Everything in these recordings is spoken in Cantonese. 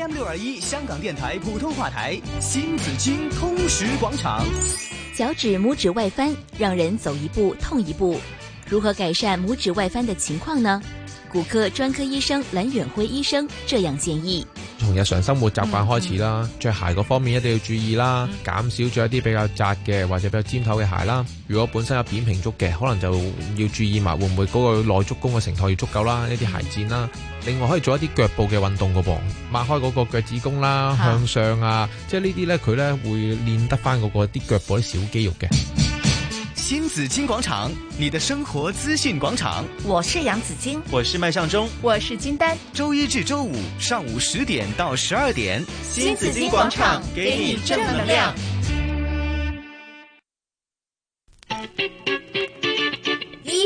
m 六二一，21，香港電台普通話台，新紫荊通識廣場。腳趾、拇指外翻，讓人走一步痛一步。如何改善拇指外翻的情況呢？骨科專科醫生藍遠輝醫生這樣建議：從日常生活習慣開始啦，着、嗯、鞋嗰方面一定要注意啦，減、嗯、少著一啲比較窄嘅或者比較尖頭嘅鞋啦。如果本身有扁平足嘅，可能就要注意埋會唔會嗰個內足弓嘅程度要足夠啦，呢啲鞋尖啦。另外可以做一啲腳部嘅運動噶、哦、噃，擘開嗰個腳趾公啦，好向上啊，即係呢啲咧，佢咧會練得翻嗰、那個啲腳部啲小肌肉嘅。新紫荊廣場，你的生活資訊廣場，我是楊子晶，我是麥上中，我是金丹，周一至周五上午十點到十二點，新紫荊廣場，給你正能量。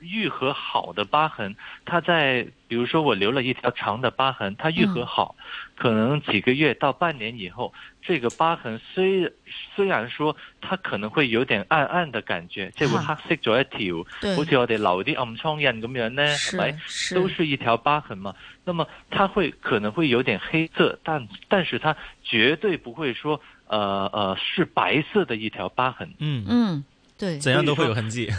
癒合好的疤痕，它在，比如說我留了一條長的疤痕，它癒合好，嗯、可能幾個月到半年以後，這個疤痕雖雖然說它可能會有點暗暗的感覺，即係黑色咗一條，好似我哋留啲暗瘡印咁樣呢，係，都是一條疤痕嘛。那麼它會可能會有點黑色，但但是它絕對不會說，呃呃，是白色的一條疤痕。嗯嗯，對，怎樣都會有痕迹。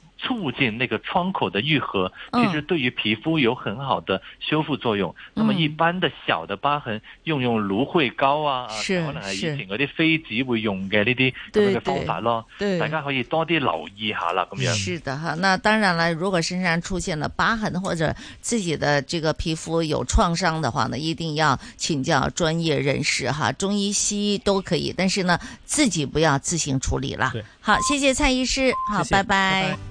促進那個創口的愈合，其實對於皮膚有很好的修復作用。那麼一般的小的疤痕，用用蘆薈膏啊，是，可能係以前嗰啲妃子會用的呢啲咁樣嘅方法咯。對，大家可以多啲留意下啦，咁樣。是的哈，那當然了，如果身上出現了疤痕或者自己的這個皮膚有創傷的話呢，一定要請教專業人士哈，中醫、西醫都可以，但是呢，自己不要自行處理啦。好，謝謝蔡醫師，好，拜拜。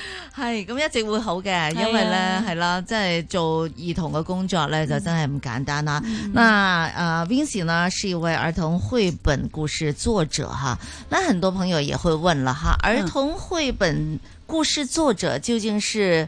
係咁一直會好嘅，因為呢，係、啊、啦，即、就、係、是、做兒童嘅工作呢，就真係唔簡單啦、啊。嗯、那誒、呃、Vincy 呢，是一位兒童繪本故事作者哈。那很多朋友也會問了哈，兒童繪本故事作者究竟是？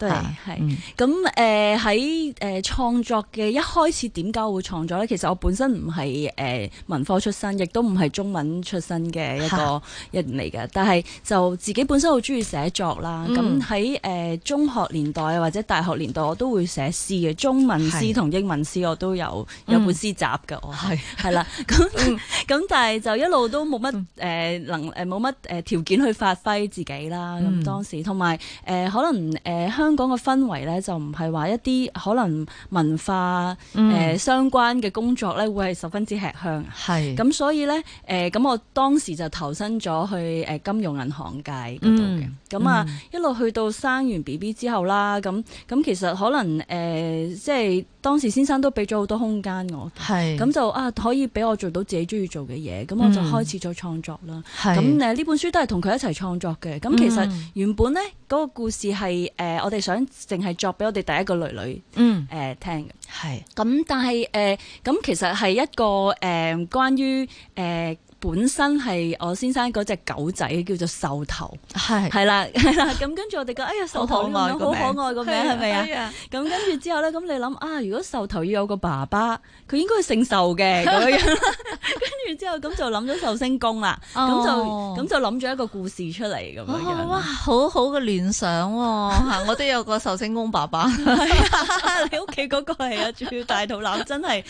對，係，咁誒喺誒創作嘅一開始點解會創作咧？其實我本身唔係誒文科出身，亦都唔係中文出身嘅一個人嚟嘅。哈但係就自己本身好鍾意寫作啦。咁喺誒中學年代或者大學年代，我都會寫詩嘅，中文詩同英文詩我都有有本詩集㗎。嗯、我係係啦，咁咁但係就一路都冇乜誒能誒冇乜誒條件去發揮自己啦。咁當時同埋誒可能誒香。呃香港嘅氛圍咧，就唔係話一啲可能文化誒、嗯呃、相關嘅工作咧，會係十分之吃香。係咁是，所以咧誒，咁、呃、我當時就投身咗去誒金融銀行界嗰度嘅。咁、嗯、啊，嗯、一路去到生完 B B 之後啦，咁咁其實可能誒、呃，即係當時先生都俾咗好多空間我。係咁是就啊，可以俾我做到自己中意做嘅嘢。咁我就開始咗創作啦。咁誒、嗯，是呢本書都係同佢一齊創作嘅。咁其實原本咧，嗰個故事係誒，我、呃、哋。想淨係作俾我哋第一個女女，嗯，誒聽嘅，係咁，但係誒咁，其實係一個誒關於誒。本身係我先生嗰隻狗仔叫做壽頭，係係啦，係啦，咁跟住我哋講，哎呀，好可愛個名，好可愛個名係咪啊？咁跟住之後咧，咁你諗啊，如果壽頭要有個爸爸，佢應該係姓壽嘅咁樣。跟住之後咁就諗咗壽星公啦，咁就咁就諗咗一個故事出嚟咁樣，哇，好好嘅聯想喎，我都有個壽星公爸爸。你屋企嗰個係啊，仲要大肚腩真係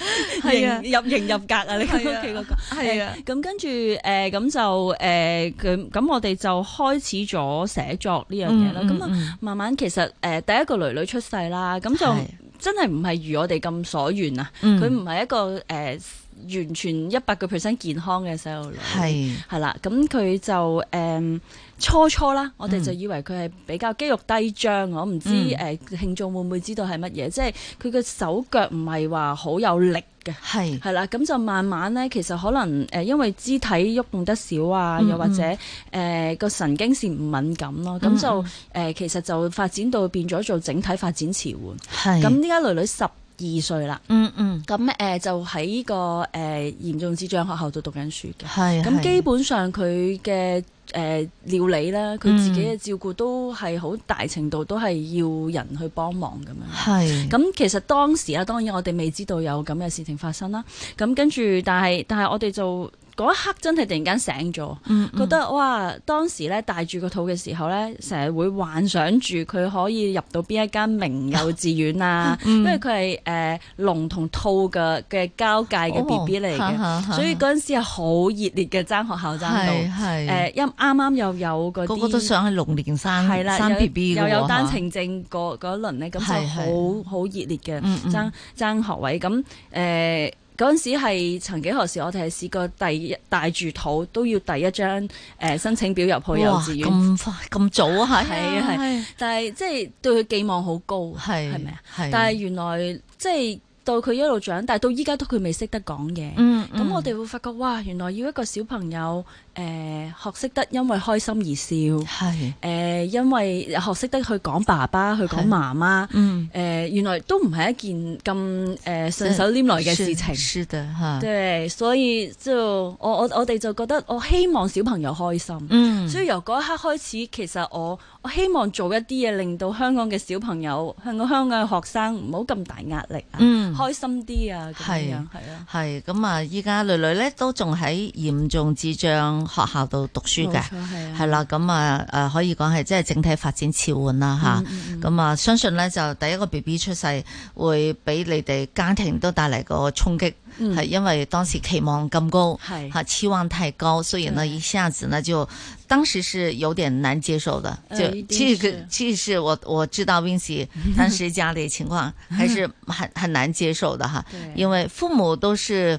係啊，入型入格啊，你屋企嗰個係啊，咁跟。跟住，誒咁、呃、就，誒咁咁，我哋就開始咗寫作呢樣嘢啦。咁啊、嗯，嗯嗯、慢慢其實，誒、呃、第一個女女出世啦，咁就真係唔係如我哋咁所願啊。佢唔係一個誒、呃、完全一百個 percent 健康嘅細路女，係係啦。咁佢是、嗯、就誒、呃、初初啦，我哋就以為佢係比較肌肉低張。嗯、我唔知誒、呃、聽眾會唔會知道係乜嘢，即係佢嘅手腳唔係話好有力。嘅係係啦，咁是就慢慢咧，其實可能誒，因為肢體喐動，動得少啊，嗯嗯又或者誒個、呃、神經線唔敏感咯，咁、嗯嗯、就誒、呃、其實就發展到變咗做整體發展遲緩。係咁是，依家女女十。二歲啦、嗯，嗯嗯，咁、呃、就喺呢、這個誒、呃、嚴重智障學校度讀緊書嘅，係，咁基本上佢嘅誒料理啦，佢自己嘅照顧都係好大程度都係要人去幫忙咁樣，係，咁其實當時啊，當然我哋未知道有咁嘅事情發生啦，咁跟住但係但係我哋就。嗰一刻真係突然間醒咗，覺得哇！當時咧帶住個肚嘅時候咧，成日會幻想住佢可以入到邊一間名幼稚園啊，因為佢係誒龍同兔嘅嘅交界嘅 B B 嚟嘅，所以嗰陣時係好熱烈嘅爭學校爭到，誒一啱啱又有嗰啲個個都想去龍年生生 B B 又有單程證嗰嗰輪咧，咁就好好熱烈嘅爭爭學位咁誒。嗰陣時係曾幾何時，我哋係試過第一帶住肚都要第一張誒申請表入去幼稚園。哇！咁快咁早啊，係、哎、係但係即係對佢寄望好高，係係咪啊？係。但係原來即係到佢一路長大，到依家都佢未識得講嘢。嗯咁我哋會發覺哇，原來要一個小朋友。誒，學識得因為開心而笑，係誒，因為學識得去講爸爸，去講媽媽，嗯，誒，原來都唔係一件咁誒順手拈來嘅事情，是的吓，對，所以就我我我哋就覺得，我希望小朋友開心，嗯，所以由嗰一刻開始，其實我我希望做一啲嘢，令到香港嘅小朋友，香港香港嘅學生唔好咁大壓力，嗯，開心啲啊，係，係啊，係咁啊，依家女女咧都仲喺嚴重智障。學校度讀書嘅係啦，咁啊誒可以講係即係整體發展遲緩啦吓，咁啊相信咧就第一個 B B 出世會俾你哋家庭都帶嚟個衝擊，係因為當時期望咁高，係吓期望太高，雖然呢，一下子咧就當時是有點難接受的，就其實其實我我知道 Vincent 當時家裏情況還是很很難接受的哈，因為父母都是。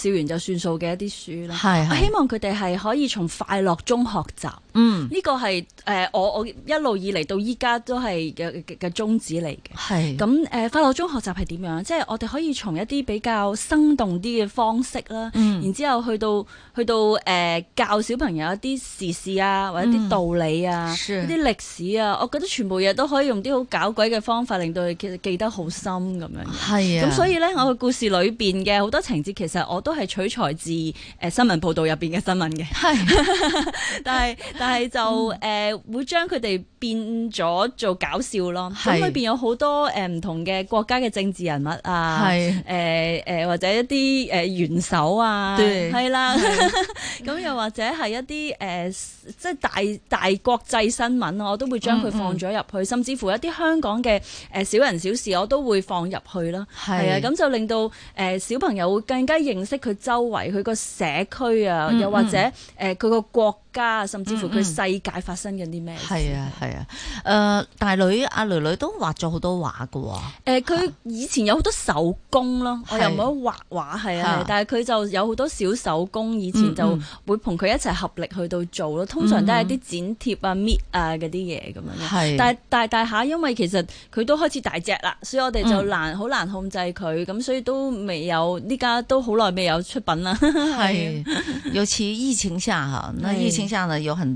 笑完就算數嘅一啲書啦，係係我希望佢哋係可以從快樂中學習。嗯，呢個係我我一路以嚟到依家都係嘅嘅宗旨嚟嘅。咁誒係，快樂、呃、中學習係點樣？即、就、係、是、我哋可以從一啲比較生動啲嘅方式啦，嗯、然之後去到去到誒、呃、教小朋友一啲時事啊，或者啲道理啊，啲、嗯、歷史啊，我覺得全部嘢都可以用啲好搞鬼嘅方法，令到佢記得好深咁樣啊，咁所以咧，我嘅故事裏面嘅好多情節其實我都係取材自、呃、新聞報道入面嘅新聞嘅。係，但係。但係就誒、嗯呃、會將佢哋變咗做搞笑咯，咁是裏邊有好多誒唔、呃、同嘅國家嘅政治人物啊，誒誒是、呃呃、或者一啲誒、呃、元首啊，係對啦，咁對 又或者係一啲誒、呃、即係大大國際新聞咯，啊，我都會將佢放咗入去，嗯嗯甚至乎一啲香港嘅誒小人小事我都會放入去啦，係是啊，咁就令到誒、呃、小朋友會更加認識佢周圍佢個社區啊，嗯嗯又或者誒佢個國家啊，甚至乎、嗯。佢世界發生緊啲咩？係啊係啊，誒大女阿女女都畫咗好多畫㗎喎。佢以前有好多手工咯，我又冇畫畫係啊，但係佢就有好多小手工，以前就會同佢一齊合力去到做咯。通常都係啲剪貼啊、搣啊嗰啲嘢咁樣。但係大大下因為其實佢都開始大隻啦，所以我哋就難好難控制佢，咁所以都未有，呢家都好耐未有出品啦。係，尤其疫情下嚇，疫情下呢有很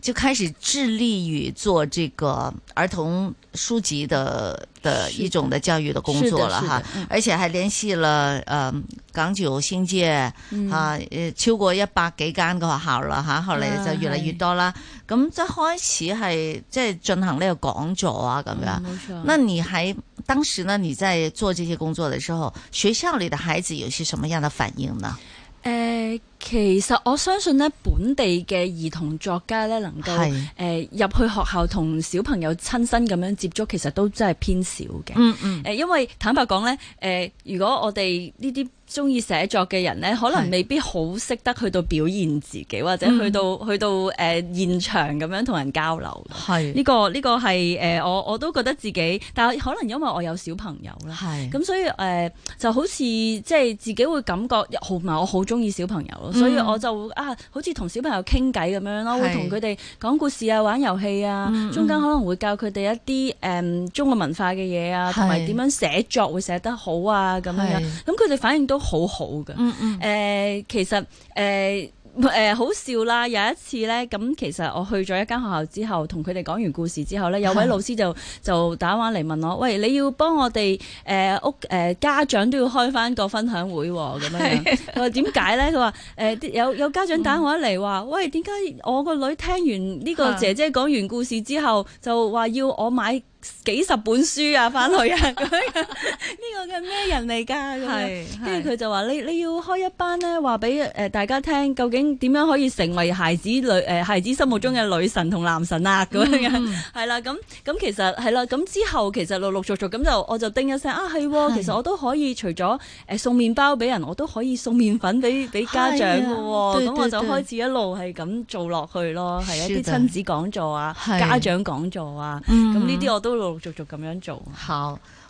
就開始致力於做這個兒童書籍的的一種的教育的工作了哈，嗯、而且還聯繫了呃港九新界、嗯、啊，呃超過一百幾間嘅學校啦吓，後來就越來越多啦。咁一開始係即係進行呢個講座啊咁樣，嗯、沒錯，那你還當時呢？你在做這些工作的時候，學校裏的孩子有些什麼樣的反應呢？誒、呃，其實我相信咧，本地嘅兒童作家咧，能夠誒入去學校同小朋友親身咁樣接觸，其實都真係偏少嘅。嗯嗯。誒，因為坦白講咧，誒、呃，如果我哋呢啲，中意寫作嘅人咧，可能未必好識得去到表現自己，是或者去到、嗯、去到誒、呃、現場咁樣同人交流。係呢是、個呢、個係誒、呃、我我都覺得自己，但係可能因為我有小朋友啦，係咁是所以誒、呃、就好似即係自己會感覺好，唔係我好中意小朋友咯，所以我就會、嗯、啊，好似同小朋友傾偈咁樣咯，是會同佢哋講故事啊、玩遊戲啊，嗯嗯中間可能會教佢哋一啲誒、嗯、中國文化嘅嘢啊，同埋點樣寫作會寫得好啊咁樣咁佢哋反應都～好好嘅。誒、嗯嗯呃，其實誒，誒、呃呃，好笑啦！有一次咧，咁其實我去咗一間學校之後，同佢哋講完故事之後咧，有位老師就的就打電話嚟問我，喂，你要幫我哋誒屋誒家長都要開翻個分享會咁、喔、樣樣？佢話點解咧？佢話誒，有有家長打電話嚟話，嗯、喂，點解我個女聽完呢個姐姐講完故事之後，的就話要我買？幾十本書啊，翻去啊，咁樣呢個嘅咩人嚟噶？咁跟住佢就話你你要開一班咧，話俾誒大家聽，究竟點樣可以成為孩子女誒孩子心目中嘅女神同男神啊？咁樣，係啦，咁咁其實係啦，咁之後其實陸陸續續咁就，我就叮一聲啊，係，其實我都可以除咗誒送麵包俾人，我都可以送麵粉俾俾家長噶，咁我就開始一路係咁做落去咯，係一啲親子講座啊，家長講座啊，咁呢啲我都。陸陸續續咁樣做。好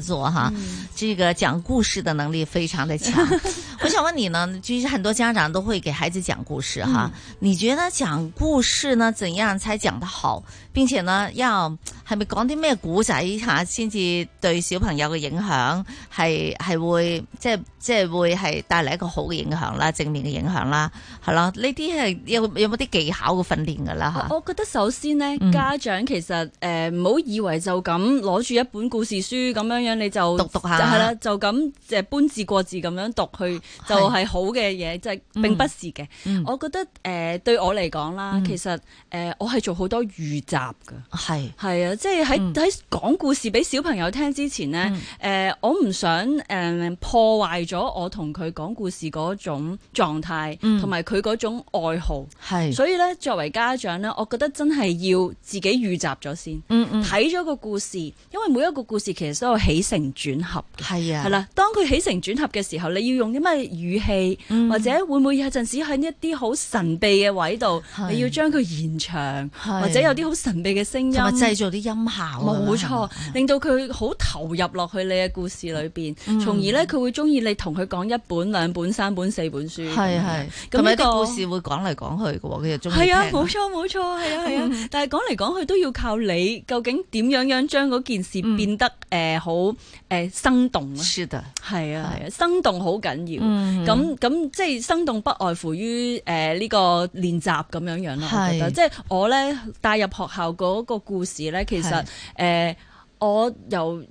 做吓，嗯、這個講故事的能力非常的強。 我想問你呢，其實很多家長都會給孩子講故事哈。嗯、你覺得講故事呢，怎樣才講得好，並且呢，要係咪講啲咩古仔吓，先至對小朋友嘅影響係係會即係即係會係帶嚟一個好嘅影響啦，正面嘅影響啦，係咯呢啲係有有冇啲技巧嘅訓練噶啦？吓，我覺得首先呢，嗯、家長其實誒，唔好以為就咁攞住一本故事書咁樣。你就讀讀下，就係啦，就咁即係搬字過字咁樣讀去，就係好嘅嘢，即係並不是嘅。我覺得誒對我嚟講啦，其實誒我係做好多預習嘅，係係啊，即係喺喺講故事俾小朋友聽之前咧，誒我唔想誒破壞咗我同佢講故事嗰種狀態，同埋佢嗰種愛好，係所以咧作為家長咧，我覺得真係要自己預習咗先，嗯，睇咗個故事，因為每一個故事其實都有起。起承轉合係啊，係啦。當佢起承轉合嘅時候，你要用啲咩語氣，或者會唔會有陣時喺一啲好神秘嘅位度，你要將佢延長，或者有啲好神秘嘅聲音，製造啲音效，冇錯，令到佢好投入落去你嘅故事裏邊，從而咧佢會中意你同佢講一本、兩本、三本、四本書，係係，咁啲故事會講嚟講去嘅，佢又中意。係啊，冇錯冇錯，係啊係啊，但係講嚟講去都要靠你，究竟點樣樣將嗰件事變得誒好。誒、呃，生動是的是啊，係啊對，係啊，生動好緊要。咁咁、嗯、即係生動，不外乎於誒呢個練習咁樣樣是我覺得即係我咧帶入學校嗰個故事咧，其實誒是、呃，我由。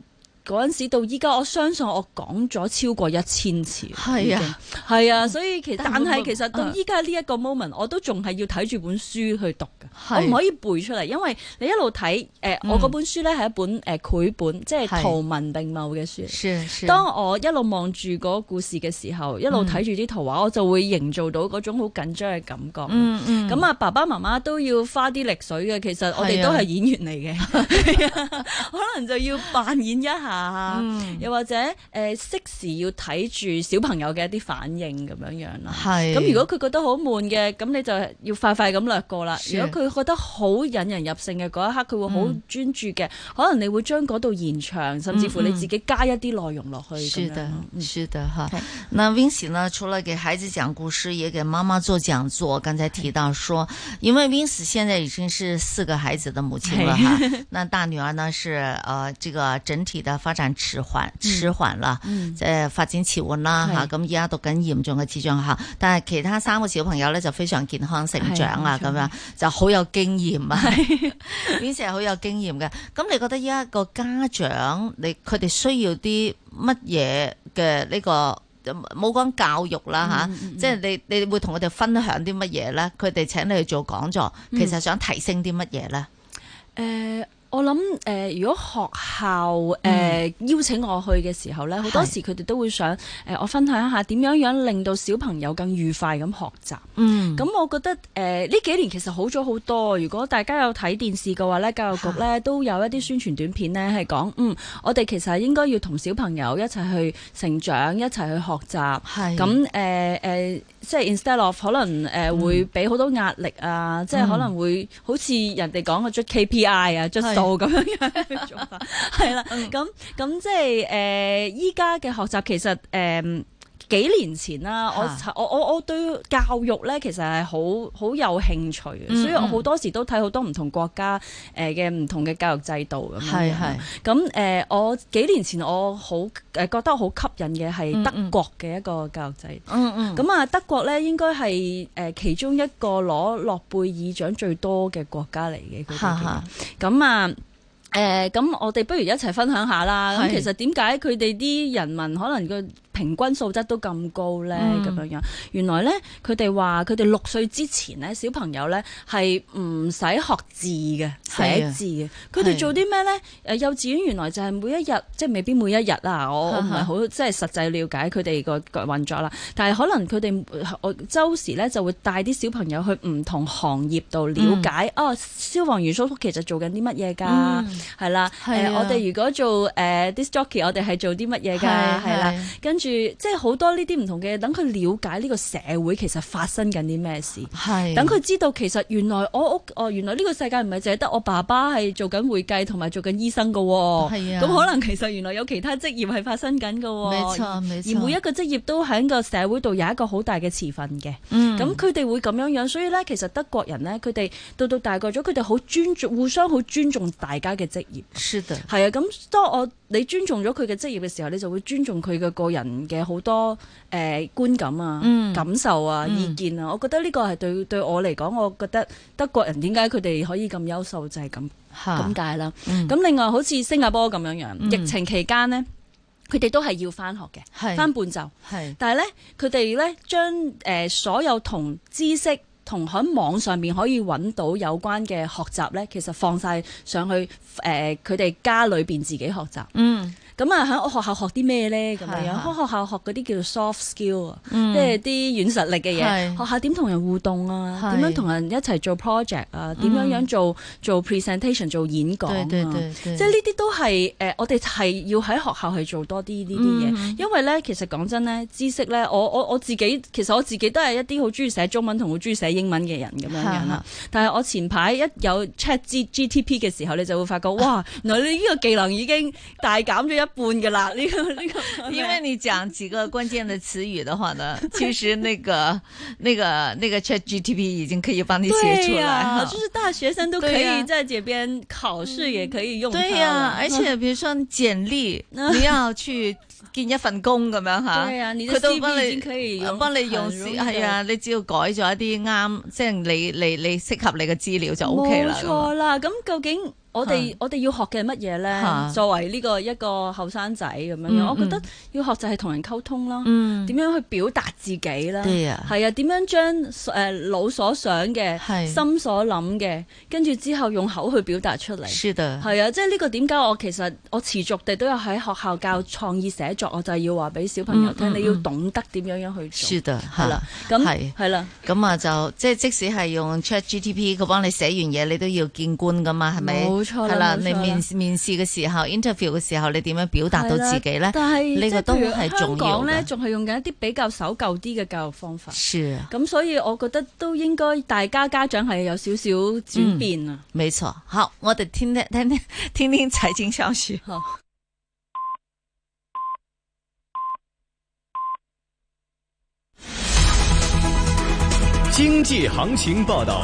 嗰陣時到依家，我相信我講咗超過一千次。係啊，係啊，所以其實但係其實到依家呢一個 moment，我都仲係要睇住本書去讀嘅。我唔可以背出嚟，因為你一路睇誒，我本書咧係一本誒繪本，即係圖文並茂嘅書。當我一路望住個故事嘅時候，一路睇住啲圖畫，我就會營造到嗰種好緊張嘅感覺，嗯嗯。咁啊，爸爸媽媽都要花啲力水嘅。其實我哋都係演員嚟嘅，可能就要扮演一下。.啊，嗯、又或者誒、呃、適時要睇住小朋友嘅一啲反應，咁樣樣啦。是。咁如果佢覺得好悶嘅，咁你就要快快咁略過啦。是如果佢覺得好引人入勝嘅嗰一刻他很，佢會好專注嘅，可能你會將嗰度延長，甚至乎你自己加一啲內容落去。嗯嗯樣是的，是的，吓、啊。是那 Wincy 呢？除了給孩子講故事，也給媽媽做講座。剛才提到說，是因為 Wincy 現在已經是四個孩子的母親了哈。是 那大女兒呢？是，呃，這個整體。的。發展遲緩，遲緩啦，誒、嗯，即發展遲緩啦吓，咁而家讀緊嚴重嘅智障學校，是但係其他三個小朋友咧就非常健康成長啊，咁樣就好有經驗啊，係以前係好有經驗嘅，咁 你覺得依家個家長你，佢哋需要啲乜嘢嘅呢個，冇講教育啦吓，即、啊、係、嗯嗯、你你會同佢哋分享啲乜嘢咧？佢哋請你去做講座，其實想提升啲乜嘢咧？誒、嗯。嗯呃我諗誒、呃，如果學校誒、呃、邀請我去嘅時候咧，好、嗯、多時佢哋都會想誒、呃，我分享一下點樣樣令到小朋友更愉快咁學習。嗯，咁我覺得誒呢、呃、幾年其實好咗好多。如果大家有睇電視嘅話咧，教育局咧都有一啲宣傳短片咧係講嗯，我哋其實係應該要同小朋友一齊去成長，一齊去學習。咁誒是、呃呃、即係 instead of 可能誒、呃、會俾好多壓力啊，嗯、即係可能會好似人哋講嘅追 KPI 啊，咁樣樣做法，係啦， 咁咁即係誒，依家嘅學習其實誒。呃幾年前啦，我我我我對教育咧其實係好好有興趣，嘅、嗯，所以我好多時都睇好多唔同國家誒嘅唔同嘅教育制度咁樣。係係是是。咁、呃、誒，我幾年前我好誒覺得好吸引嘅係德國嘅一個教育制度。嗯嗯。咁、嗯、啊，德國咧應該係誒其中一個攞諾貝爾獎最多嘅國家嚟嘅。嚇咁啊誒，咁是是、呃、我哋不如一齊分享一下啦。咁是 其實點解佢哋啲人民可能個平均素質都咁高咧，咁樣樣原來咧，佢哋話佢哋六歲之前咧，小朋友咧係唔使學字嘅，的寫字嘅。佢哋做啲咩咧？誒是的 幼稚園原來就係每一日，即係未必每一日啦。我我唔係好即係實際了解佢哋個運作啦。是的 但係可能佢哋我週時咧就會帶啲小朋友去唔同行業度了解。嗯、哦，消防員叔叔其實做緊啲乜嘢㗎？係啦。我哋如果做、呃、disc jockey，我哋係做啲乜嘢㗎？係啦，跟住。即係好多呢啲唔同嘅嘢，等佢了解呢個社會其實發生緊啲咩事，等佢是知道其實原來我屋哦原來呢個世界唔係淨係得我爸爸係做緊會計同埋做緊醫生㗎喎，咁、啊、可能其實原來有其他職業係發生緊㗎喎，而每一個職業都喺個社會度有一個好大嘅持份嘅，咁佢哋會咁樣樣，所以呢其實德國人呢佢哋到到大個咗，佢哋好尊重互相好尊重大家嘅職業，係的啊，咁當我你尊重咗佢嘅職業嘅時候，你就會尊重佢嘅個人。嘅好多誒、呃、觀感啊、嗯、感受啊、意見啊，嗯、我覺得呢個係對對我嚟講，我覺得德國人點解佢哋可以咁優秀就係咁咁解啦。咁另外好似新加坡咁樣樣，嗯、疫情期間呢，佢哋都係要返學嘅，返伴奏。但係呢，佢哋呢將誒、呃、所有同知識同喺網上面可以揾到有關嘅學習呢，其實放晒上去誒佢哋家裏面自己學習。嗯。咁啊，喺我學校學啲咩咧？咁樣樣，喺學，學校學嗰啲叫做 soft skill，、嗯、即係啲軟實力嘅嘢。是學校點同人互動啊？點是樣同人一齊做 project 啊、嗯？點樣樣做做 presentation、做演講啊？對對對對即係呢啲都係誒、呃、我哋係要喺學校係做多啲呢啲嘢，嗯、哼因為咧，其實講真咧，知識咧，我我我自己其實我自己都係一啲好中意寫中文同好中意寫英文嘅人咁樣樣啦。的但係我前排一有 Chat G G T P 嘅時候，你就會發覺、啊、哇，原來你呢個技能已經大減咗一。半㗎啦，那個那個，因為你講幾個關鍵的詞語的話呢，其實那個 那個那個 ChatGPT 已經可以幫你寫出來，對啊、好就是大學生都可以在這邊考試也可以用。對啊，而且比如說簡歷， 你要去見一份工，咁樣吓，對啊，你的 CV 可以幫你、啊、你用，係呀容、啊，你只要改咗一啲啱，即、就、係、是、你你你適合你嘅資料就 OK 啦。冇錯啦，咁究竟？我哋我哋要學嘅係乜嘢咧？作為呢個一個後生仔咁樣樣，我覺得要學就係同人溝通囉，點樣去表達自己啦，係啊，點樣將誒腦所想嘅、心所諗嘅，跟住之後用口去表達出嚟。係啊，即係呢個點解我其實我持續地都有喺學校教創意寫作，我就係要話俾小朋友聽，你要懂得點樣樣去做。係啦，咁係啦，咁啊就即係即使係用 ChatGTP，佢幫你寫完嘢，你都要見官噶嘛，係咪？冇錯係啦，啦啦你面面試嘅時候，interview 嘅時候，你點樣表達到自己咧？呢個都係重要嘅。香港咧，仲係用緊一啲比較守舊啲嘅教育方法。是啊，咁所以我覺得都應該大家家長係有少少轉變啊。冇錯，好，我哋聽聽聽聽聽聽財經消息。好，經濟行情報道。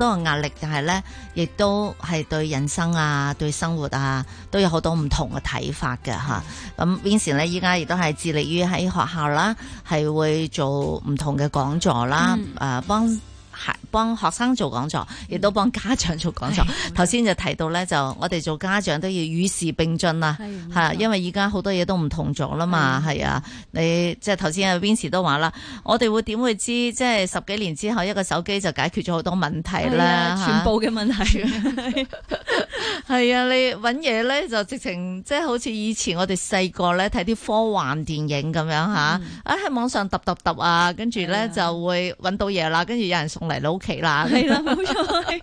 很多壓力，但係咧，亦都係對人生啊、對生活啊，都有好多唔同嘅睇法嘅吓。咁 Vincent 咧，依家亦都係致力於喺學校啦，係會做唔同嘅講座啦，誒幫、嗯。啊幫幫學生做講座，亦都幫家長做講座。頭先、嗯、就提到咧，就我哋做家長都要與時並進啦，係、嗯、因為而家好多嘢都唔同咗啦嘛，係、嗯、啊，你即係頭先阿 Vincent 都話啦，我哋會點會知？即、就、係、是、十幾年之後，一個手機就解決咗好多問題啦、嗯啊，全部嘅問題，係 啊，你搵嘢咧就直情即係好似以前我哋細個咧睇啲科幻電影咁樣吓，嗯、啊喺網上揼揼揼啊，跟住咧就會搵到嘢啦，跟住有人送。嚟到屋企啦，係啦，冇錯，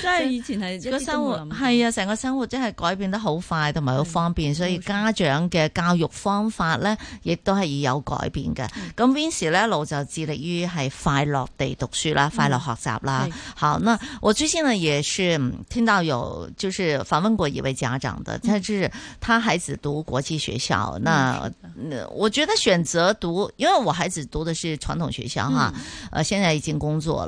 即係以前係個生活係啊，成個生活真係改變得好快，同埋好方便，是所以家長嘅教育方法咧，亦都係有改變嘅。咁 Vincy 呢一路就致力於係快樂地讀書啦，嗯、快樂學習啦。嗯、好，那我之前呢也是聽到有就是訪問過一位家長的，佢、嗯、就是他孩子讀國際學校，那、嗯、那我覺得選擇讀，因爲我孩子讀的是傳統學校哈、啊，呃、嗯，現在已經工作了。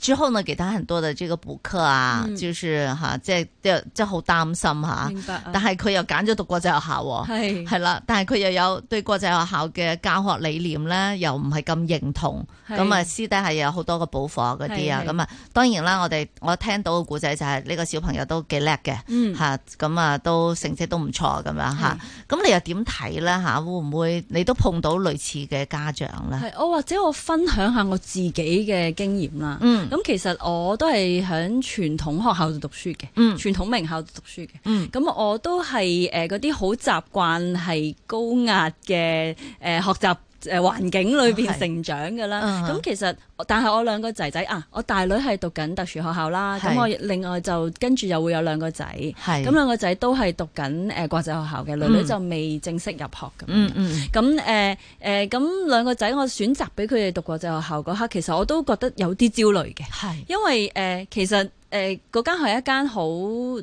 之後呢，其他很多的這個補課啊、嗯、啊，就是吓，即係即即係好擔心吓、啊。但係佢又揀咗讀國際學校、啊，係係是啦。但係佢又有對國際學校嘅教學理念咧，又唔係咁認同。咁啊是，私底下又有好多嘅補課啊，嗰啲啊，咁啊。當然啦，我哋我聽到嘅故仔就係、是、呢、這個小朋友都幾叻嘅，吓咁、嗯、啊，都成績都唔錯咁樣吓。咁是、啊、你又點睇咧吓？會唔會你都碰到類似嘅家長咧？係，我或者我分享下我自己嘅經驗啦，嗯。咁、嗯、其實我都係喺傳統學校度讀書嘅，嗯、傳統名校度讀書嘅，咁、嗯、我都係嗰啲好習慣係高壓嘅誒學習誒、呃、環境裏邊成長嘅啦，咁、嗯、其實但係我兩個仔仔啊，我大女係讀緊特殊學校啦，咁是我另外就跟住又會有兩個仔，咁是兩個仔都係讀緊誒國際學校嘅，嗯、女女就未正式入學咁。嗯嗯，咁誒誒，咁、呃呃、兩個仔我選擇俾佢哋讀國際學校嗰刻，其實我都覺得有啲焦慮嘅，是因為誒、呃、其實。誒嗰、呃、間係一間好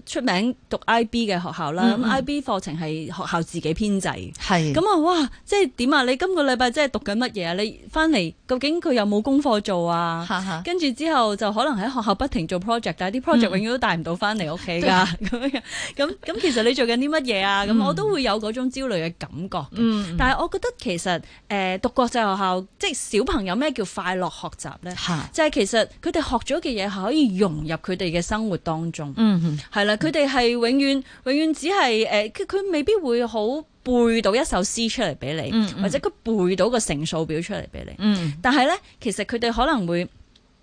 出名讀 IB 嘅學校啦，咁、嗯、IB 課程係學校自己編制，係咁啊！哇，即係點啊？你今個禮拜真係讀緊乜嘢啊？你翻嚟究竟佢有冇功課做啊？跟住哈之後就可能喺學校不停做 project，但係啲 project 永遠都帶唔到翻嚟屋企㗎，咁樣咁咁，其實你做緊啲乜嘢啊？咁 我都會有嗰種焦慮嘅感覺，嗯、但係我覺得其實誒、呃、讀國際學校，即係小朋友咩叫快樂學習咧？即、嗯、就係其實佢哋學咗嘅嘢可以融入佢哋嘅生活當中，嗯嗯，係啦，佢哋係永遠永遠只係誒，佢、呃、佢未必會好背到一首詩出嚟俾你，嗯嗯、或者佢背到個乘數表出嚟俾你，嗯，但係咧，其實佢哋可能會誒、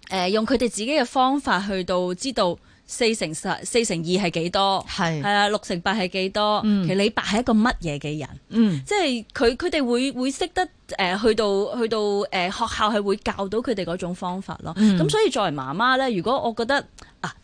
呃、用佢哋自己嘅方法去到知道四乘十、四乘二係幾多？係係啊，六乘八係幾多？嗯、其實李白係一個乜嘢嘅人？嗯，即係佢佢哋會會識得誒、呃、去到去到誒、呃、學校係會教到佢哋嗰種方法咯。咁、嗯、所以作為媽媽咧，如果我覺得，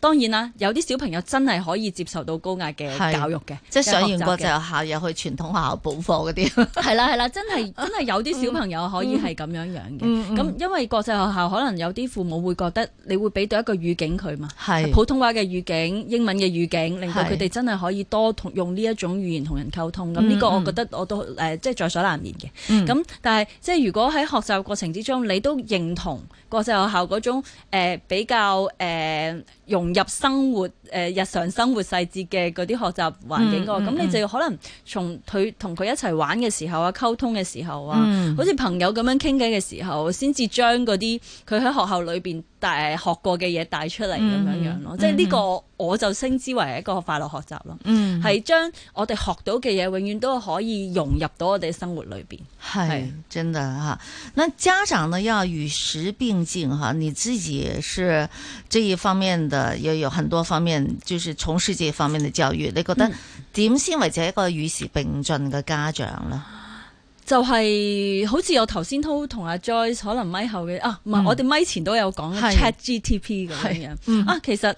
當然啦，有啲小朋友真係可以接受到高壓嘅教育嘅，即係上完國際學校又去傳統學校補課嗰啲。係啦係啦，真係真係有啲小朋友可以係咁樣樣嘅。咁、嗯嗯嗯、因為國際學校可能有啲父母會覺得，你會俾到一個語境佢嘛，是普通話嘅語境、英文嘅語境，令到佢哋真係可以多同用呢一種語言同人溝通。咁呢、嗯、個我覺得我都誒，即係在所難免嘅。咁、嗯、但係即係如果喺學習過程之中，你都認同。國際學校嗰種、呃、比較誒、呃、融入生活誒、呃、日常生活細節嘅嗰啲學習環境咯，咁、嗯嗯、你就要可能從佢同佢一齊玩嘅時候啊、溝通嘅時候啊，好似朋友咁樣傾偈嘅時候，先至將嗰啲佢喺學校裏邊帶學過嘅嘢帶出嚟咁、嗯、樣樣咯。即係呢個我就稱之為一個快樂學習咯，係將、嗯、我哋學到嘅嘢永遠都可以融入到我哋生活裏邊。係是是真的嚇、啊，那家長呢要與時並。哈，你自己是這一方面的，也有很多方面，就是從事這一方面的教育，你覺得點先為一個與時並進嘅家長呢？就係好似我頭先都同阿 Joyce 可能咪後嘅啊，唔係，嗯、我哋咪前都有講 Chat 是 G T P 咁樣，是啊，其實。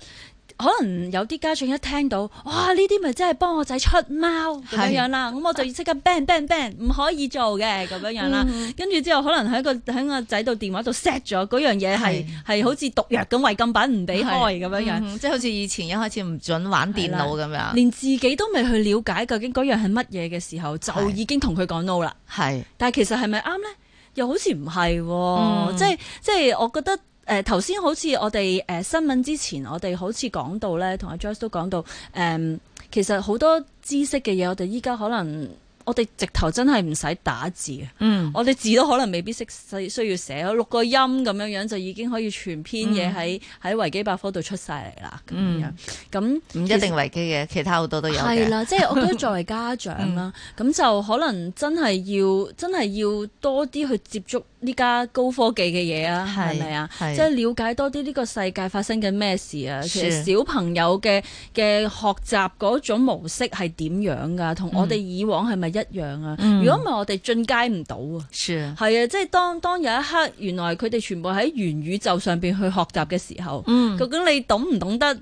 可能有啲家長一聽到，哇！呢啲咪真係幫我仔出貓咁是樣啦，咁我就要即刻 bang bang bang，唔可以做嘅咁樣樣啦。跟住、嗯、之後，可能喺個喺個仔度電話度 set 咗嗰樣嘢，係是好似毒藥咁，違禁品唔俾開咁樣是樣，嗯、即係好似以前一開始唔準玩電腦咁樣，連自己都未去了解究竟嗰樣係乜嘢嘅時候，就已經同佢講 no 啦。但係其實係咪啱咧？又好似唔係，即即係我覺得。誒頭先好似我哋誒、呃、新聞之前，我哋好似講到咧，同阿 Joyce 都講到誒、呃，其實好多知識嘅嘢，我哋依家可能。我哋直頭真係唔使打字，嗯，我哋字都可能未必識需要寫，錄個音咁樣樣就已經可以全篇嘢喺喺維基百科度出晒嚟啦，咁樣。咁唔一定維基嘅，其他好多都有嘅。係啦，即係我覺得作為家長啦，咁就可能真係要真係要多啲去接觸呢家高科技嘅嘢啊，係咪啊？即係了解多啲呢個世界發生緊咩事啊？其實小朋友嘅嘅學習嗰種模式係點樣噶？同我哋以往係咪？一樣啊！如果唔係我哋進階唔到啊，係啊，即係當當有一刻，原來佢哋全部喺元宇宙上邊去學習嘅時候，究竟你懂唔懂得？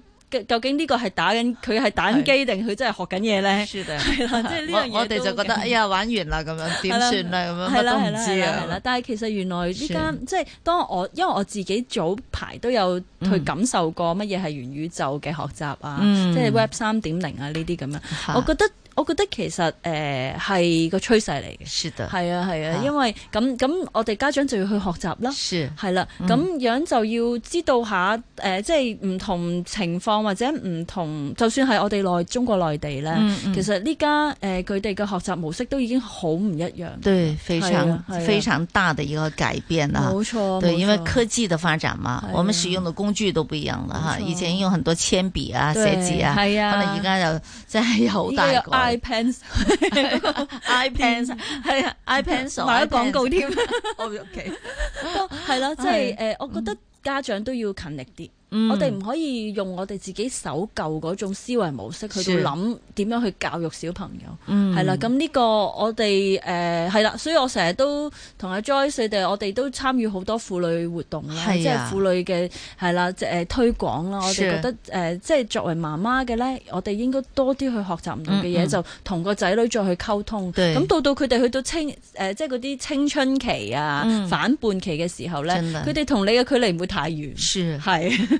究竟呢個係打緊佢係打緊機定佢真係學緊嘢咧？係即係呢樣嘢，我哋就覺得哎呀，玩完啦咁樣，點算咧咁樣都唔知啊！但係其實原來呢間即係當我因為我自己早排都有去感受過乜嘢係元宇宙嘅學習啊，即係 Web 三點零啊呢啲咁樣，我覺得。我覺得其實誒係個趨勢嚟嘅，係啊係啊，因為咁咁我哋家長就要去學習啦，係啦，咁樣就要知道下誒，即係唔同情況或者唔同，就算係我哋內中國內地咧，其實呢家誒佢哋嘅學習模式都已經好唔一樣，對，非常非常大嘅一個改變啦，冇錯，對，因為科技嘅發展嘛，我們使用嘅工具都不一樣啦，嚇，以前用很多鉛筆啊、寫字啊，可能而家又真係好大。ipads，ipads，係啊，ipads，買咗廣告添我屋企，係啦，即係誒，我覺得家長都要勤力啲。我哋唔可以用我哋自己守舊嗰種思維模式去到諗點樣去教育小朋友，係啦。咁呢個我哋誒係啦，所以我成日都同阿 Joyce 哋，我哋都參與好多婦女活動啦，即係婦女嘅係啦，即誒推廣啦。我哋覺得誒即係作為媽媽嘅咧，我哋應該多啲去學習唔同嘅嘢，就同個仔女再去溝通。咁到到佢哋去到青誒即係嗰啲青春期啊、反叛期嘅時候咧，佢哋同你嘅距離唔會太遠，係。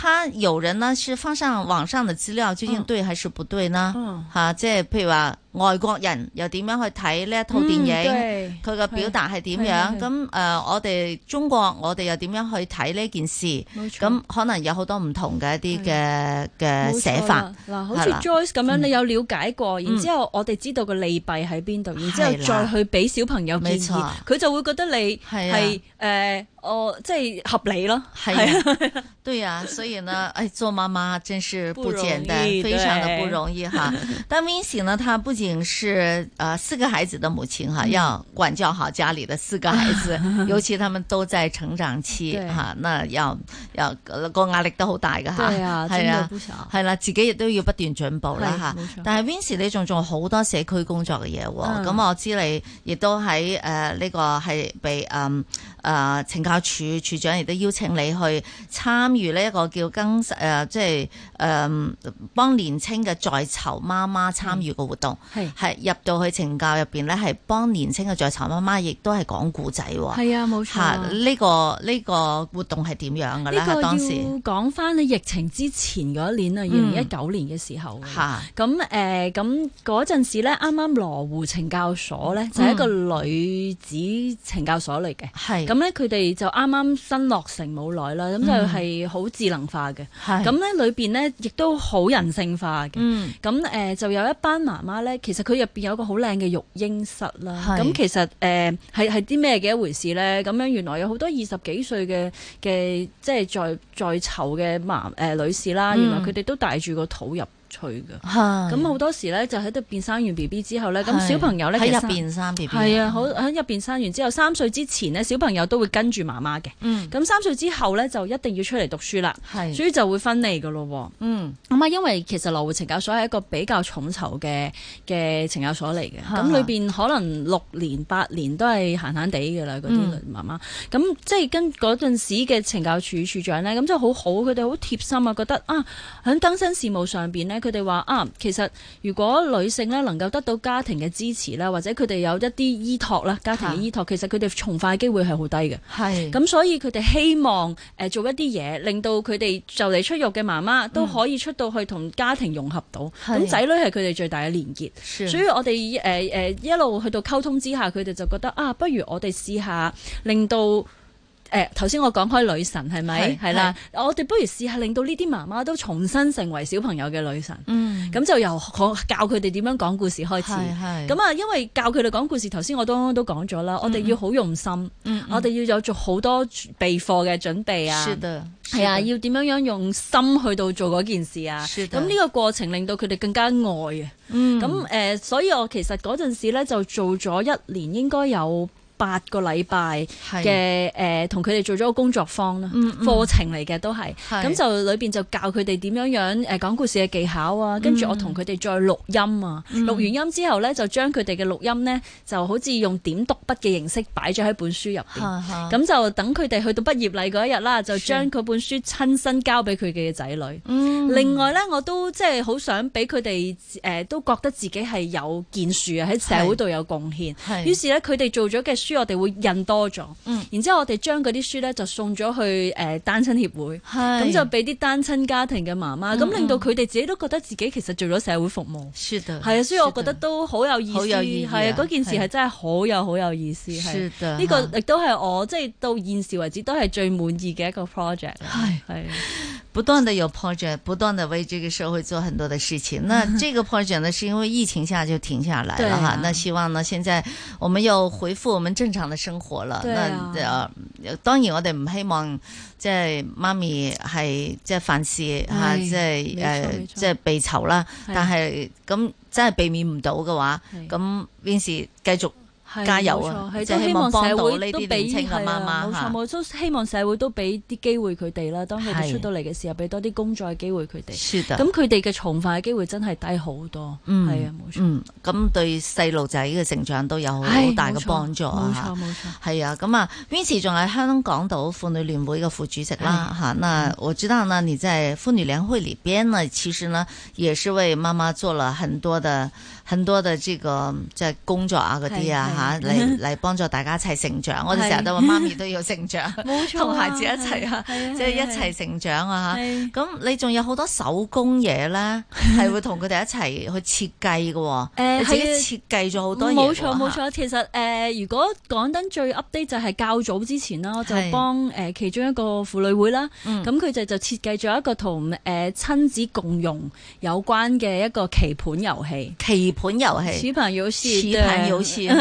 他有人呢，是放上網上的資料，究竟對還是不對呢？吓，即係譬如話外國人又點樣去睇呢套電影？佢嘅表達係點樣？咁誒，我哋中國我哋又點樣去睇呢件事？咁可能有好多唔同嘅一啲嘅嘅寫法。嗱，好似 Joyce 咁樣，你有了解過？然之後我哋知道個利弊喺邊度？然之後再去俾小朋友見，佢就會覺得你係誒。哦，即係合理咯，係啊，對啊，所以呢，誒，做媽媽真是不簡單，非常的不容易哈。但 Winsy 呢，他不僅是誒四個孩子的母親哈，要管教好家裏的四個孩子，尤其他們都在成長期哈，那要要個壓力都好大噶吓，係啊，係啊，係啦，自己亦都要不斷進步啦吓。但係 Winsy，你仲做好多社區工作嘅嘢，咁我知你亦都喺誒呢個係被嗯。誒，懲、呃、教處處長亦都邀請你去參與呢一個叫更誒、呃，即係誒、呃、幫年青嘅在囚媽媽參與個活動，係、嗯、入到去請教入面咧，係幫年青嘅在囚媽媽，亦都係講故仔喎。係、嗯、啊，冇錯、啊。嚇、啊，呢、這個呢、這個活動係點樣㗎咧？當時呢講翻你疫情之前嗰年啊，二零一九年嘅時候咁誒，咁嗰陣時咧，啱啱羅湖請教所咧，就係一個女子請教所嚟嘅。嗯咁咧，佢哋就啱啱新落成冇耐啦，咁就係好智能化嘅。咁咧、嗯，裏邊咧亦都好人性化嘅。咁誒、嗯嗯、就有一班媽媽咧，其實佢入邊有一個好靚嘅育嬰室啦。咁是其實誒係係啲咩嘅一回事咧？咁樣原來有好多二十幾歲嘅嘅即係在在囚嘅媽誒、呃、女士啦，原來佢哋都帶住個肚入。趣嘅，咁好多時咧就喺度邊生完 B B 之後咧，咁的小朋友咧喺入邊生 B B，係啊，好喺入邊生完之後，三歲之前咧，小朋友都會跟住媽媽嘅，咁三、嗯、歲之後咧就一定要出嚟讀書啦，的所以就會分離嘅咯。嗯，咁啊，因為其實羅湖懲教所係一個比較重籌嘅嘅懲教所嚟嘅，咁裏邊可能六年八年都係閒閒地嘅啦，嗰啲媽媽，咁、嗯、即係跟嗰陣時嘅懲教處處長咧，咁就好好，佢哋好貼心啊，覺得啊，喺更新事務上邊咧。佢哋話啊，其實如果女性咧能夠得到家庭嘅支持咧，或者佢哋有一啲依託啦，家庭嘅依托，其實佢哋重犯嘅機會係好低嘅。係是，咁所以佢哋希望誒做一啲嘢，令到佢哋就嚟出獄嘅媽媽都可以出到去同家庭融合到。咁仔、嗯、女係佢哋最大嘅連結，是所以我哋誒誒一路去到溝通之下，佢哋就覺得啊，不如我哋試下令到。誒，頭先、欸、我講開女神係咪？係啦，是是啊、我哋不如試下令到呢啲媽媽都重新成為小朋友嘅女神。嗯，咁就由我教佢哋點樣講故事開始。係係。咁啊，因為教佢哋講故事，頭先我剛剛都都講咗啦，嗯、我哋要好用心。嗯。嗯我哋要有做好多備課嘅準備啊。是的。係啊，要點樣樣用心去到做嗰件事啊？是的。咁呢個過程令到佢哋更加愛啊。嗯。咁誒、呃，所以我其實嗰陣時咧就做咗一年，應該有。八個禮拜嘅誒，同佢哋做咗個工作坊啦，課、嗯嗯、程嚟嘅都係，咁是就裏邊就教佢哋點樣樣誒講故事嘅技巧啊，嗯、跟住我同佢哋再錄音啊，錄、嗯、完音之後咧，就將佢哋嘅錄音咧，就好似用點讀筆嘅形式擺咗喺本書入邊，咁、嗯、就等佢哋去到畢業禮嗰一日啦，就將嗰本書親身交俾佢嘅仔女。嗯、另外咧，我都即係好想俾佢哋誒都覺得自己係有建樹啊，喺社會度有貢獻，於是咧，佢哋是做咗嘅。書我哋會印多咗，嗯、然之後我哋將嗰啲書咧就送咗去誒單親協會，咁就俾啲單親家庭嘅媽媽，咁令到佢哋自己都覺得自己其實做咗社會服務，係啊的，的所以我覺得都好有意思，係啊，嗰件事係真係好有好有意思，呢的的個亦都係我即係、就是、到現時為止都係最滿意嘅一個 project 啦，係的。的不斷的有 project，不斷的為這個社會做很多的事情。那這個 project 呢， 是因為疫情下就停下來了、啊、哈。那希望呢，現在我們又恢復我們正常的生活了。對啊那、呃。當然我哋唔希望即係媽咪係即係凡事吓即係誒即係被籌啦。嗯、但係咁真係避免唔到嘅話，咁邊時繼續。加油啊！都希望幫到呢啲親啊媽媽嚇，冇錯冇錯，希望社會都俾啲機會佢哋啦。當佢哋出到嚟嘅時候，俾多啲工作嘅機會佢哋。咁佢哋嘅重犯嘅機會真係低好多。嗯，係啊，冇錯。咁對細路仔嘅成長都有好大嘅幫助啊。冇錯冇錯，係啊，咁啊 Vince 仲係香港島婦女聯會嘅副主席啦嚇。那我知道呢，你即係婦女聯會裏邊，呢其實呢也是為媽媽做了很多嘅。很多的這個即係工作啊嗰啲啊吓，嚟嚟幫助大家一齊成長。是是我哋成日都話媽咪都要成長，同冇錯、啊、孩子一齊啊，即係係一齊成長啊吓。咁係你仲有好多手工嘢咧、啊，係會同佢哋一齊去設計嘅。誒，自己設計咗好多嘢、啊。冇錯冇錯，其實誒、呃，如果講緊最 update 就係較早之前啦，我就幫誒係、呃、其中一個婦女會啦。咁佢、嗯、就就設計咗一個同誒親子共用有關嘅一個棋盤遊戲盤遊戲，棋盤遊似朋友似，即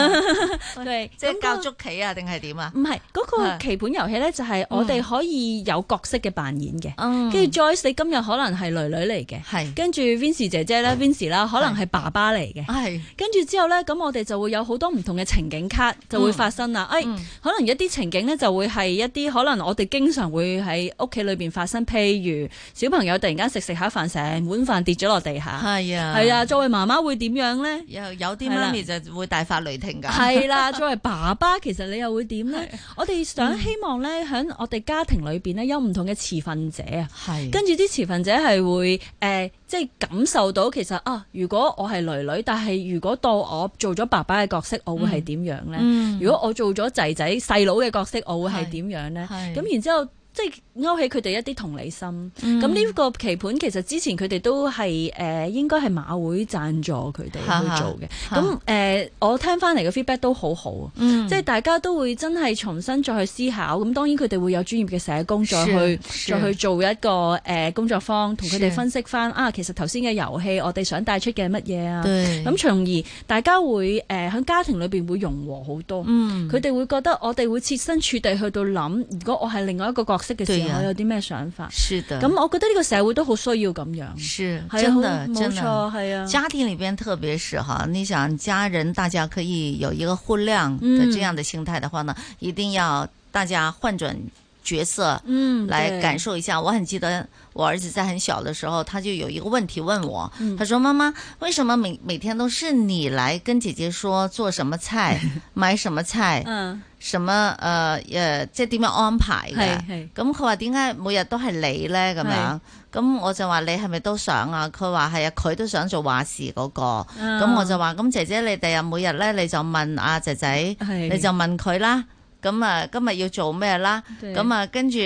咁教捉棋啊？定係點啊？唔係嗰個棋盤遊戲咧，就係我哋可以有角色嘅扮演嘅。跟住 Joyce，你今日可能係女女嚟嘅，係跟住 Vincy 姐姐咧 Vincy 啦，可能係爸爸嚟嘅，係跟住之後咧，咁我哋就會有好多唔同嘅情景卡，就會發生啊！誒，可能一啲情景咧，就會係一啲可能我哋經常會喺屋企裏邊發生，譬如小朋友突然間食食下飯，成碗飯跌咗落地下。係啊，係啊，作為媽媽會點樣？咧，有啲媽咪就會大發雷霆噶了。係啦，作為爸爸，其實你又會點咧？啊、我哋想希望咧，喺我哋家庭裏邊咧，有唔同嘅持份者啊。係。跟住啲持份者係會誒，即係感受到其實啊，如果我係女女，但係如果到我做咗爸爸嘅角色，我會係點樣咧？嗯、如果我做咗仔仔細佬嘅角色，我會係點樣咧？咁、啊啊、然之後。即係勾起佢哋一啲同理心，咁呢、嗯、個棋盤其實之前佢哋都係誒、呃、應該係馬會贊助佢哋去做嘅。咁誒哈，呃嗯、我聽翻嚟嘅 feedback 都好好，啊，嗯、即係大家都會真係重新再去思考。咁當然佢哋會有專業嘅社工是再去是再去做一個誒、呃、工作坊，同佢哋分析翻是啊，其實頭先嘅遊戲我哋想帶出嘅係乜嘢啊。咁從對而大家會誒響、呃、家庭裏邊會融和好多，佢哋、嗯、會覺得我哋會設身處地去到諗，如果我係另外一個角色。識嘅、啊、有啲咩想法？是的，咁我覺得呢個社會都好需要咁樣。是，係的冇錯，真的家庭裏邊特別是哈，嗯、你想家人大家可以有一個互諒的這樣的心態的話呢，一定要大家換轉角色，嗯，來感受一下。嗯、我很記得，我兒子在很小的時候，他就有一個問題問我，嗯、他說：媽媽，為什麼每每天都是你來跟姐姐說做什麼菜、 買什麼菜、嗯、什麼誒誒，即係點樣安排嘅？咁佢話點解每日都係你咧咁樣？咁是我就話你係咪都想啊？佢話係啊，佢都想做話事嗰個。咁、嗯、我就話：咁姐姐你第日每日咧，你就問阿仔仔，是你就問佢啦。咁啊，今日要做咩啦？咁啊，跟住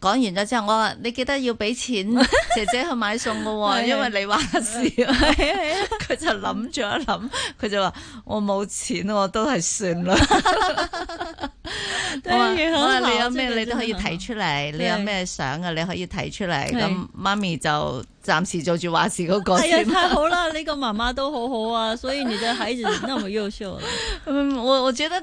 講完咗之後，我話你記得要俾錢姐姐去買餸噶，因為你話事，佢就諗咗一諗，佢就話我冇錢，我都係算啦。我話你有咩你都可以提出嚟，你有咩想啊你可以提出嚟。咁媽咪就暫時做住話事嗰個先。係啊，太好啦，呢個媽媽都好好啊，所以你的孩子那麼優秀。嗯，我我覺得。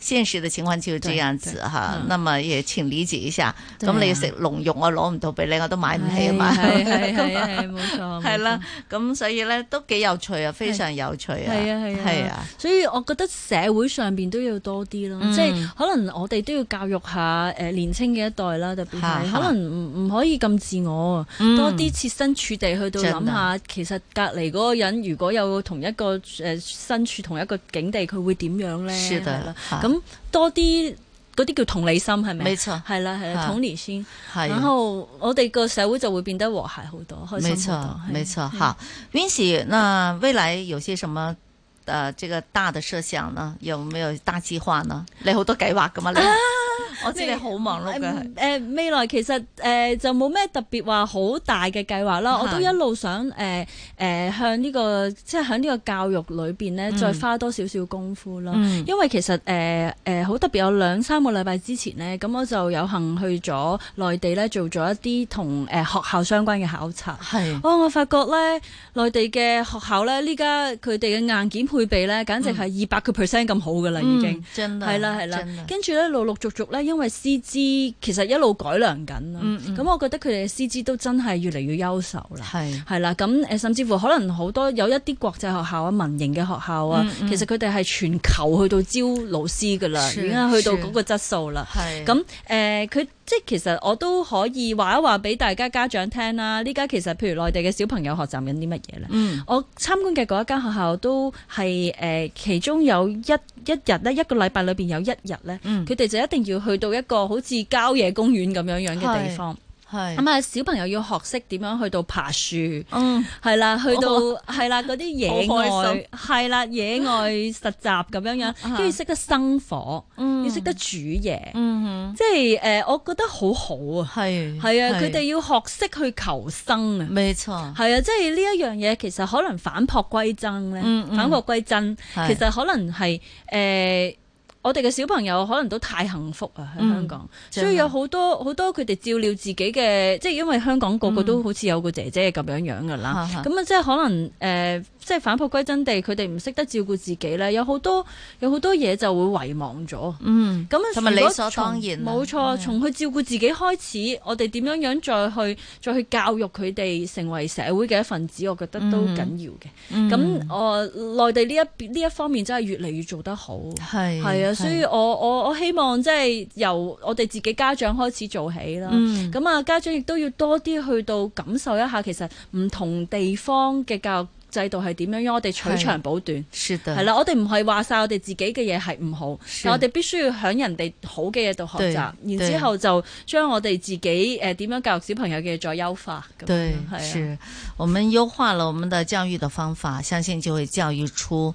現實嘅情況就這樣子哈，那麼也請理解一下。咁你食龍肉我攞唔到俾你，我都買唔起吖嘛。係係係，冇錯。係啦，咁所以咧都幾有趣啊，非常有趣啊。係啊係啊。係啊，所以我覺得社會上邊都要多啲咯，即係可能我哋都要教育下誒年輕嘅一代啦，特別係可能唔唔可以咁自我，多啲設身處地去到諗下，其實隔籬嗰個人如果有同一個誒身處同一個境地，佢會點樣咧？係啦。咁、嗯、多啲嗰啲叫同理心係咪？沒錯錯，係啦係啦，同理心，的然後我哋個社會就會變得和諧好多，開心好多，冇沒錯，沒錯。好，Vincy，那未來有些什麼誒、呃，這個大的設想呢？有沒有大計劃呢？你好多計劃㗎嘛？你。啊我知你好忙碌嘅，誒未，未來其實誒、呃、就冇咩特別話好大嘅計劃啦。的我都一路想誒、呃、向呢、這個即係喺呢個教育裏面咧，嗯、再花多少少功夫咯。嗯、因為其實誒好、呃、特別，有兩三個禮拜之前咧，咁我就有幸去咗內地咧，做咗一啲同誒學校相關嘅考察。係的、哦，我發覺咧內地嘅學校咧，呢家佢哋嘅硬件配備咧，簡直係二百個 percent 咁好㗎啦，嗯、已經真係係啦係啦，跟住咧陸陸續續咧。因為師資其實一路改良緊啦，咁、嗯嗯、我覺得佢哋嘅師資都真係越嚟越優秀啦，係啦是，咁誒甚至乎可能好多有一啲國際學校啊、民營嘅學校啊，嗯嗯、其實佢哋係全球去到招老師噶啦，而家去到嗰個質素啦，咁誒佢。即係其實我都可以話一話俾大家家長聽啦。呢家其實譬如內地嘅小朋友學習緊啲乜嘢咧？嗯、我參觀嘅嗰一間學校都係、呃、其中有一一日咧，一個禮拜裏邊有一日咧，佢哋、嗯、就一定要去到一個好似郊野公園咁樣樣嘅地方。係啊！小朋友要學識點樣去到爬樹，嗯，係啦，去到係啦嗰啲野外，係啦野外實習咁樣樣，跟住要識得生火，嗯，要識得煮嘢，嗯，即係誒，我覺得好好啊，係係啊，佢哋要學識去求生啊，冇錯，係啊，即係呢一樣嘢其實可能返璞歸真咧，嗯，返璞歸真，其實可能係誒。我哋嘅小朋友可能都太幸福啊，喺香港，嗯、所以有好多好、嗯、多佢哋照料自己嘅，即係因為香港個個都好似有個姐姐咁樣樣噶啦，咁啊、嗯、 即係可能誒。呃即係返璞歸真地，佢哋唔識得照顧自己咧，有好多有好多嘢就會遺忘咗。嗯，咁啊，理所當然，冇錯，嗯、從佢照顧自己開始，我哋點樣樣再去再去教育佢哋成為社會嘅一份子，我覺得都緊要嘅。咁、嗯，我、嗯嗯、內地呢一呢一方面真係越嚟越做得好，係係是啊，是所以我我我希望即係由我哋自己家長開始做起啦。咁、嗯、啊，家長亦都要多啲去到感受一下，其實唔同地方嘅教育。制度係點樣？我哋取長補短，係啦，我哋唔係話晒我哋自己嘅嘢係唔好，是但我哋必須要響人哋好嘅嘢度學習，對然之後就將我哋自己誒點樣教育小朋友嘅嘢再優化。咁對，嗯、是，是我們優化了我們的教育的方法，相信就會教育出。